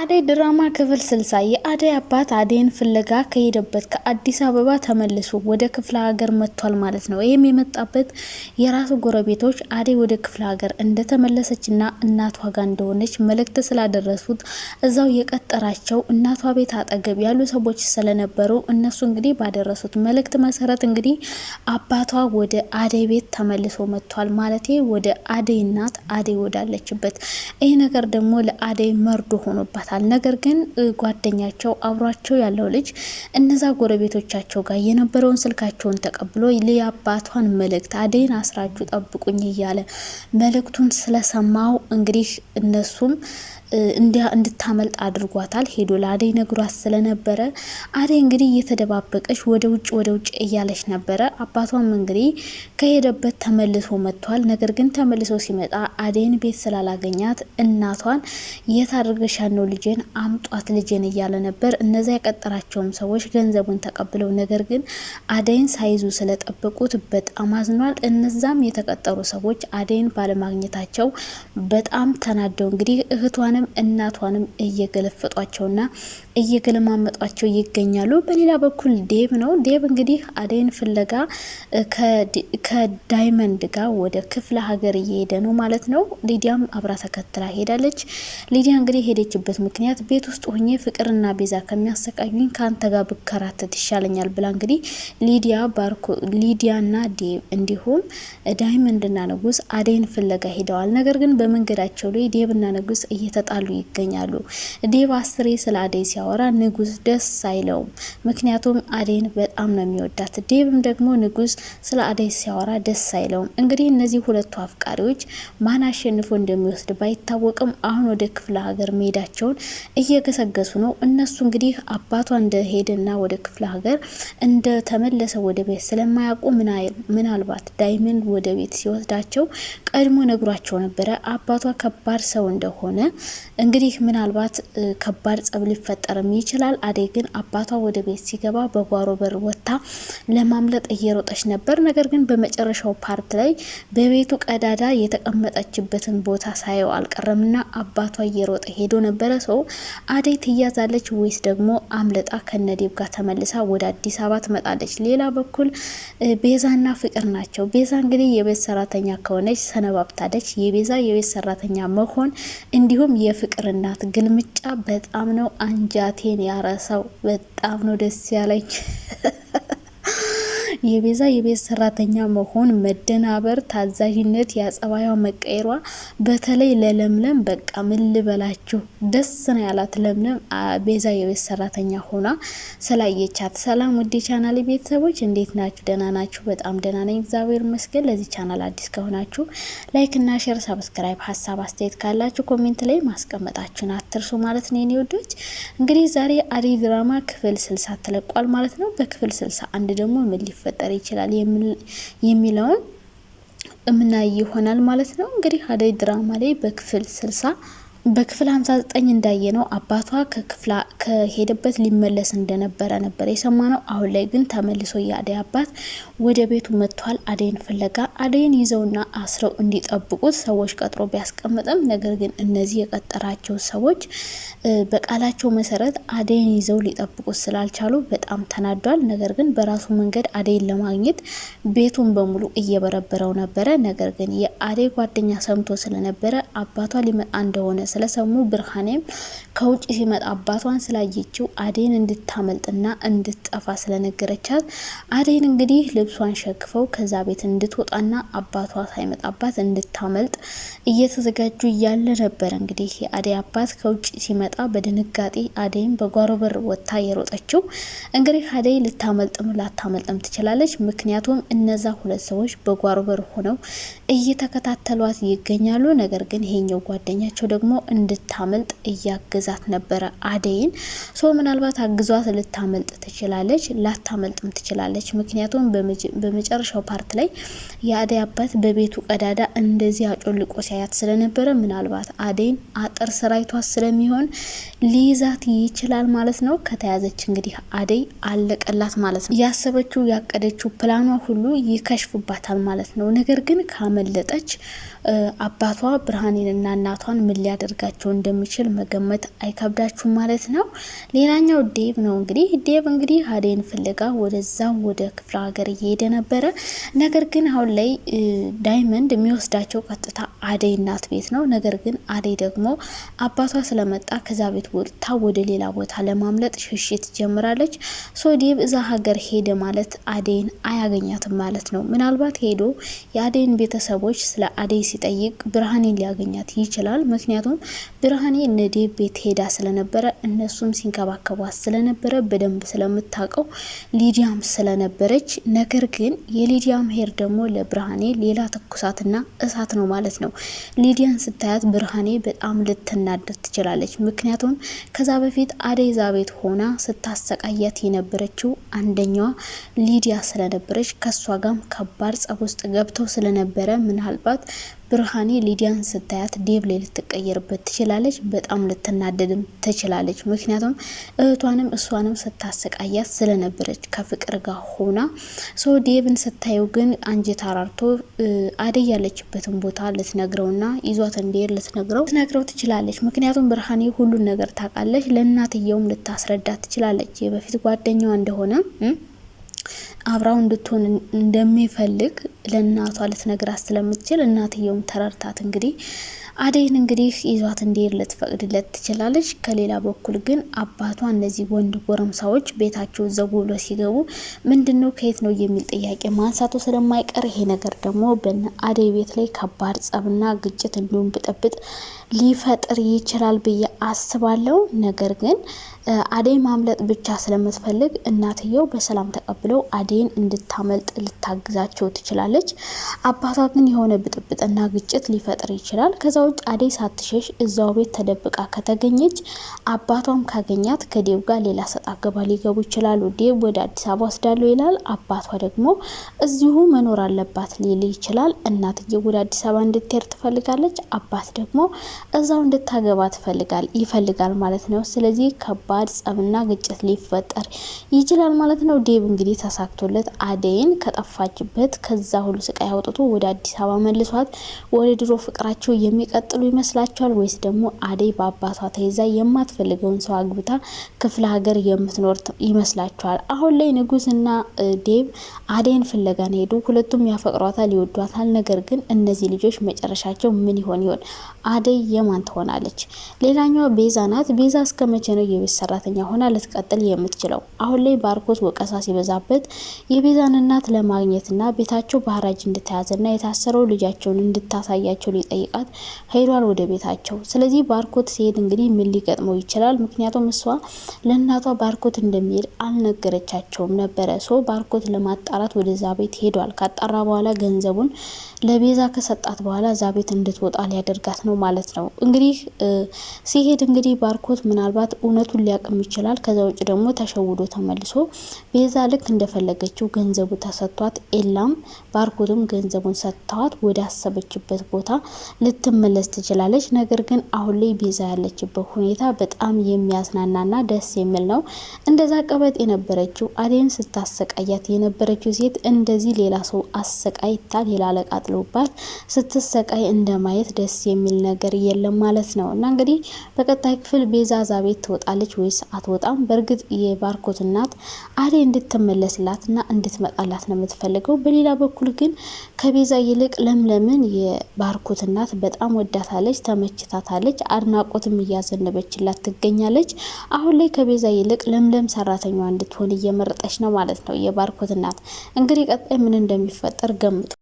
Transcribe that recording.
አደይ ድራማ ክፍል ስልሳ የአደይ አባት አደይን ፍለጋ ከሄደበት ከአዲስ አበባ ተመልሶ ወደ ክፍለ ሀገር መጥቷል ማለት ነው። ይህም የመጣበት የራሱ ጎረቤቶች አደይ ወደ ክፍለ ሀገር እንደተመለሰችና እናቷ ጋር እንደሆነች መልእክት ስላደረሱት እዛው የቀጠራቸው እናቷ ቤት አጠገብ ያሉ ሰዎች ስለነበሩ እነሱ እንግዲህ ባደረሱት መልእክት መሰረት እንግዲህ አባቷ ወደ አደይ ቤት ተመልሶ መጥቷል ማለት ወደ አደይ እናት አደይ ወዳለችበት። ይህ ነገር ደግሞ ለአደይ መርዶ ሆኖባት ይመስላታል። ነገር ግን ጓደኛቸው አብሯቸው ያለው ልጅ እነዛ ጎረቤቶቻቸው ጋር የነበረውን ስልካቸውን ተቀብሎ የአባቷን መልእክት አደይን አስራችሁ ጠብቁኝ እያለ መልእክቱን ስለሰማው እንግዲህ እነሱም እንድታመልጥ አድርጓታል። ሄዶ ለአደይ ነግሯት ስለነበረ አደይ እንግዲህ እየተደባበቀች ወደ ውጭ ወደ ውጭ እያለች ነበረ። አባቷም እንግዲህ ከሄደበት ተመልሶ መጥቷል። ነገር ግን ተመልሶ ሲመጣ አደይን ቤት ስላላገኛት እናቷን የት አድርገሻ ነው ልጄን አምጧት ልጄን እያለ ነበር። እነዛ የቀጠራቸውም ሰዎች ገንዘቡን ተቀብለው ነገር ግን አደይን ሳይዙ ስለጠበቁት በጣም አዝኗል። እነዛም የተቀጠሩ ሰዎች አደይን ባለማግኘታቸው በጣም ተናደው እንግዲህ እህቷን እህቷንም እናቷንም እየገለፈጧቸውና እየገለማመጧቸው ይገኛሉ። በሌላ በኩል ዴብ ነው። ዴብ እንግዲህ አደይን ፍለጋ ከዳይመንድ ጋር ወደ ክፍለ ሀገር እየሄደ ነው ማለት ነው። ሊዲያም አብራ ተከትላ ሄዳለች። ሊዲያ እንግዲህ ሄደችበት ምክንያት ቤት ውስጥ ሆኜ ፍቅርና ቤዛ ከሚያሰቃዩኝ ከአንተ ጋር ብከራተት ይሻለኛል ብላ እንግዲህ ሊዲያ ባርኮ ሊዲያና ዴብ እንዲሁም ዳይመንድና ንጉስ አደይን ፍለጋ ሄደዋል። ነገር ግን በመንገዳቸው ላይ ዴብና ንጉስ እየተጣሉ ይገኛሉ። ዴብ አስሬ ስለ አደይ ሲያ ሲያወራ ንጉስ ደስ አይለውም። ምክንያቱም አዴን በጣም ነው የሚወዳት። ዴብም ደግሞ ንጉስ ስለ አደይ ሲያወራ ደስ አይለውም። እንግዲህ እነዚህ ሁለቱ አፍቃሪዎች ማን አሸንፎ እንደሚወስድ ባይታወቅም አሁን ወደ ክፍለ ሀገር መሄዳቸውን እየገሰገሱ ነው። እነሱ እንግዲህ አባቷ እንደሄደና ወደ ክፍለ ሀገር እንደተመለሰ ወደ ቤት ስለማያውቁ ምናልባት ዳይመንድ ወደ ቤት ሲወስዳቸው ቀድሞ ነግሯቸው ነበረ አባቷ ከባድ ሰው እንደሆነ። እንግዲህ ምናልባት ከባድ ጸብ ሊፈጠር ሊፈጠርም ይችላል። አደይ ግን አባቷ ወደ ቤት ሲገባ በጓሮ በር ወጥታ ለማምለጥ እየሮጠች ነበር። ነገር ግን በመጨረሻው ፓርት ላይ በቤቱ ቀዳዳ የተቀመጠችበትን ቦታ ሳየው አልቀረምና አባቷ እየሮጠ ሄዶ ነበረ። ሰው አደይ ትያዛለች ወይስ ደግሞ አምለጣ ከነዴብ ጋር ተመልሳ ወደ አዲስ አበባ ትመጣለች? ሌላ በኩል ቤዛና ፍቅር ናቸው። ቤዛ እንግዲህ የቤት ሰራተኛ ከሆነች ሰነባብታለች። የቤዛ የቤት ሰራተኛ መሆን እንዲሁም የፍቅር እናት ግልምጫ በጣም ነው አንጃ ጭንቅላቴን ያረሰው። በጣም ነው ደስ ያለኝ። የቤዛ የቤት ሰራተኛ መሆን መደናበር፣ ታዛዥነት፣ የጸባይዋ መቀየሯ በተለይ ለለምለም በቃ ምን ልበላችሁ ደስ ነው ያላት። ለምለም ቤዛ የቤት ሰራተኛ ሆና ስላየቻት። ሰላም ውዴ ቻናል ቤተሰቦች እንዴት ናችሁ? ደህና ናችሁ? በጣም ደህና ነኝ እግዚአብሔር ይመስገን። ለዚህ ቻናል አዲስ ከሆናችሁ ላይክ እና ሼር፣ ሰብስክራይብ፣ ሀሳብ አስተያየት ካላችሁ ኮሜንት ላይ ናት። አትርሱ ማለት ነው የኔ ውዶች። እንግዲህ ዛሬ አደይ ድራማ ክፍል ስልሳ ተለቋል ማለት ነው። በክፍል ስልሳ አንድ ደግሞ ምን ሊፈጠር ይችላል የሚለውን እምናይ ይሆናል ማለት ነው። እንግዲህ አደይ ድራማ ላይ በክፍል ስልሳ በክፍል 59 ነው አባቷ ከክፍላ ከሄደበት ሊመለስ እንደነበረ ነበር ነው። አሁን ላይ ግን ተመልሶ የአደይ አባት ወደ ቤቱ መጥቷል። አደይን ፍለጋ አደይን ይዘውና አስረው እንዲጠብቁት ሰዎች ቀጥሮ ቢያስቀምጥም ነገር ግን እነዚህ የቀጠራቸው ሰዎች በቃላቸው መሰረት አደይን ይዘው ሊጠብቁት ስላልቻሉ በጣም ተናዷል። ነገር ግን በራሱ መንገድ አደይን ለማግኘት ቤቱን በሙሉ እየበረበረው ነበረ። ነገር ግን የአደይ ጓደኛ ሰምቶ ስለነበረ አባቷ ሊመጣ እንደሆነ ስለሰሙ ብርሃኔም ከውጭ ሲመጣ አባቷን ስላየችው አዴን እንድታመልጥና እንድትጠፋ ስለነገረቻት አዴን እንግዲህ ልብሷን ሸክፈው ከዛ ቤት እንድትወጣና አባቷ ሳይመጣባት እንድታመልጥ እየተዘጋጁ እያለ ነበር። እንግዲህ የአዴ አባት ከውጭ ሲመጣ በድንጋጤ አዴን በጓሮ በር ወጥታ የሮጠችው። እንግዲህ አዴ ልታመልጥም ላታመልጥም ትችላለች። ምክንያቱም እነዛ ሁለት ሰዎች በጓሮ በር ሆነው እየተከታተሏት ይገኛሉ። ነገር ግን ይሄኛው ጓደኛቸው ደግሞ እንድታመልጥ እያገዛት ነበረ አደይን። ሶ ምናልባት አግዟት ልታመልጥ ትችላለች፣ ላታመልጥም ትችላለች። ምክንያቱም በመጨረሻው ፓርት ላይ የአደይ አባት በቤቱ ቀዳዳ እንደዚህ አጮልቆ ሲያያት ስለነበረ ምናልባት አደይን አጥር ስራይቷት ስለሚሆን ሊይዛት ይችላል ማለት ነው። ከተያዘች እንግዲህ አደይ አለቀላት ማለት ነው። ያሰበችው ያቀደችው ፕላኗ ሁሉ ይከሽፍባታል ማለት ነው። ነገር ግን ካመለጠች አባቷ ብርሃኔንና እናቷን ምን ሊያደ ሊያደርጋቸው እንደሚችል መገመት አይከብዳችሁም ማለት ነው። ሌላኛው ዴቭ ነው እንግዲህ ዴቭ እንግዲህ አደይን ፍለጋ ወደዛው ወደ ክፍለ ሀገር እየሄደ ነበረ። ነገር ግን አሁን ላይ ዳይመንድ የሚወስዳቸው ቀጥታ አደይ እናት ቤት ነው። ነገር ግን አደይ ደግሞ አባቷ ስለመጣ ከዛ ቤት ወጥታ ወደ ሌላ ቦታ ለማምለጥ ሽሽት ጀምራለች። ሶ ዴቭ እዛ ሀገር ሄደ ማለት አደይን አያገኛትም ማለት ነው። ምናልባት ሄዶ የአደይን ቤተሰቦች ስለ አደይ ሲጠይቅ ብርሃኔን ሊያገኛት ይችላል። ምክንያቱም ነው። ብርሃኔ እነ ዴብ ቤት ሄዳ ስለነበረ እነሱም ሲንከባከቧት ስለነበረ በደንብ ስለምታውቀው ሊዲያም ስለነበረች፣ ነገር ግን የሊዲያ መሄድ ደግሞ ለብርሃኔ ሌላ ትኩሳትና እሳት ነው ማለት ነው። ሊዲያን ስታያት ብርሃኔ በጣም ልትናደድ ትችላለች። ምክንያቱም ከዛ በፊት አደይዛ ቤት ሆና ስታሰቃያት የነበረችው አንደኛዋ ሊዲያ ስለነበረች ከእሷ ጋም ከባድ ጸብ ውስጥ ገብተው ስለነበረ ምናልባት ብርሃኔ ሊዲያን ስታያት ዴብ ላይ ልትቀየርበት ትችላለች። በጣም ልትናደድም ትችላለች። ምክንያቱም እህቷንም እሷንም ስታሰቃያት ስለነበረች ከፍቅር ጋር ሆና ሶ ዴብን ስታየው ግን አንጀት አራርቶ አደይ ያለችበትን ቦታ ልትነግረውና ይዟት እንዲሄድ ልትነግረው ትነግረው ትችላለች። ምክንያቱም ብርሃኔ ሁሉን ነገር ታውቃለች። ለእናትየውም ልታስረዳት ትችላለች የበፊት ጓደኛዋ እንደሆነ አብራው እንድትሆን እንደሚፈልግ ለእናቷ ልትነግራት ስለምትችል እናትየውም ተረድታት እንግዲህ አደይን እንግዲህ ይዟት እንዲሄድ ልትፈቅድለት ትችላለች። ከሌላ በኩል ግን አባቷ እነዚህ ወንድ ጎረምሳዎች ቤታቸው ዘጉ ብሎ ሲገቡ ምንድን ነው ከየት ነው የሚል ጥያቄ ማንሳቱ ስለማይቀር ይሄ ነገር ደግሞ በነ አደይ ቤት ላይ ከባድ ጸብና ግጭት እንዲሁም ብጥብጥ ሊፈጥር ይችላል ብዬ አስባለሁ። ነገር ግን አዴን ማምለጥ ብቻ ስለምትፈልግ እናትየው በሰላም ተቀብለው አዴን እንድታመልጥ ልታግዛቸው ትችላለች። አባቷ ግን የሆነ ብጥብጥና ግጭት ሊፈጥር ይችላል። ከዛ ውጭ አዴ ሳትሸሽ እዛው ቤት ተደብቃ ከተገኘች አባቷም ካገኛት ከዴብ ጋር ሌላ ሰጥ አገባ ሊገቡ ይችላሉ። ዴብ ወደ አዲስ አበባ ወስዳለሁ ይላል። አባቷ ደግሞ እዚሁ መኖር አለባት ሊል ይችላል። እናትየው ወደ አዲስ አበባ እንድትሄድ ትፈልጋለች። አባት ደግሞ እዛው እንድታገባ ትፈልጋል ይፈልጋል ማለት ነው። ስለዚህ ከባድ ከባድ ጸብና ግጭት ሊፈጠር ይችላል ማለት ነው። ዴብ እንግዲህ ተሳክቶለት አደይን ከጠፋችበት ከዛ ሁሉ ስቃይ አውጥቶ ወደ አዲስ አበባ መልሷት ወደ ድሮ ፍቅራቸው የሚቀጥሉ ይመስላቸዋል ወይስ ደግሞ አደይ በአባቷ ተይዛ የማትፈልገውን ሰው አግብታ ክፍለ ሀገር የምትኖር ይመስላቸዋል? አሁን ላይ ንጉስና ዴብ አደይን ፍለጋን ሄዱ። ሁለቱም ያፈቅሯታል፣ ይወዷታል። ነገር ግን እነዚህ ልጆች መጨረሻቸው ምን ይሆን ይሆን? አደይ የማን ትሆናለች? ሌላኛዋ ቤዛ ናት። ቤዛ እስከ መቼ ነው የቤት ሰራተኛ ሆና ልትቀጥል የምትችለው? አሁን ላይ ባርኮት ወቀሳ ሲበዛበት የቤዛን እናት ለማግኘትና ቤታቸው ባህራጅ እንድተያዘና የታሰረው ልጃቸውን እንድታሳያቸው ሊጠይቃት ሄዷል ወደ ቤታቸው። ስለዚህ ባርኮት ሲሄድ እንግዲህ ምን ሊገጥመው ይችላል? ምክንያቱም እሷ ለእናቷ ባርኮት እንደሚሄድ አልነገረቻቸውም ነበረ። ሶ ባርኮት ለማጣራት ወደዛ ቤት ሄዷል። ካጣራ በኋላ ገንዘቡን ለቤዛ ከሰጣት በኋላ እዛ ቤት እንድትወጣ ሊያደርጋት ነው ማለት ነው። እንግዲህ ሲሄድ እንግዲህ ባርኮት ምናልባት እውነቱን ሊያቅም ይችላል። ከዛ ውጭ ደግሞ ተሸውዶ ተመልሶ ቤዛ ልክ እንደፈለገችው ገንዘቡ ተሰጥቷት፣ ኤላም ባርኮትም ገንዘቡን ሰጥተዋት ወደ አሰበችበት ቦታ ልትመለስ ትችላለች። ነገር ግን አሁን ላይ ቤዛ ያለችበት ሁኔታ በጣም የሚያዝናናና ደስ የሚል ነው። እንደዛ ቀበጥ የነበረችው አዴን ስታሰቃያት የነበረችው ሴት እንደዚህ ሌላ ሰው አሰቃይታ ሌላ ለቃጥሎባት ስትሰቃይ እንደማየት ደስ የሚል ነገር የለም ማለት ነው። እና እንግዲህ በቀጣይ ክፍል ቤዛ እዛ ቤት ትወጣለች ወይስ አትወጣም? በእርግጥ የባርኮት እናት እንድትመለስላት እንድትመለስላትና እንድትመጣላት ነው የምትፈልገው። በሌላ በኩል ግን ከቤዛ ይልቅ ለምለምን የባርኮት እናት በጣም ወዳታለች፣ ተመችታታለች፣ አድናቆትም እያዘነበችላት ትገኛለች። አሁን ላይ ከቤዛ ይልቅ ለምለም ሰራተኛዋ እንድትሆን እየመረጠች ነው ማለት ነው የባርኮት እናት። እንግዲህ ቀጣይ ምን እንደሚፈጠር ገምጡ።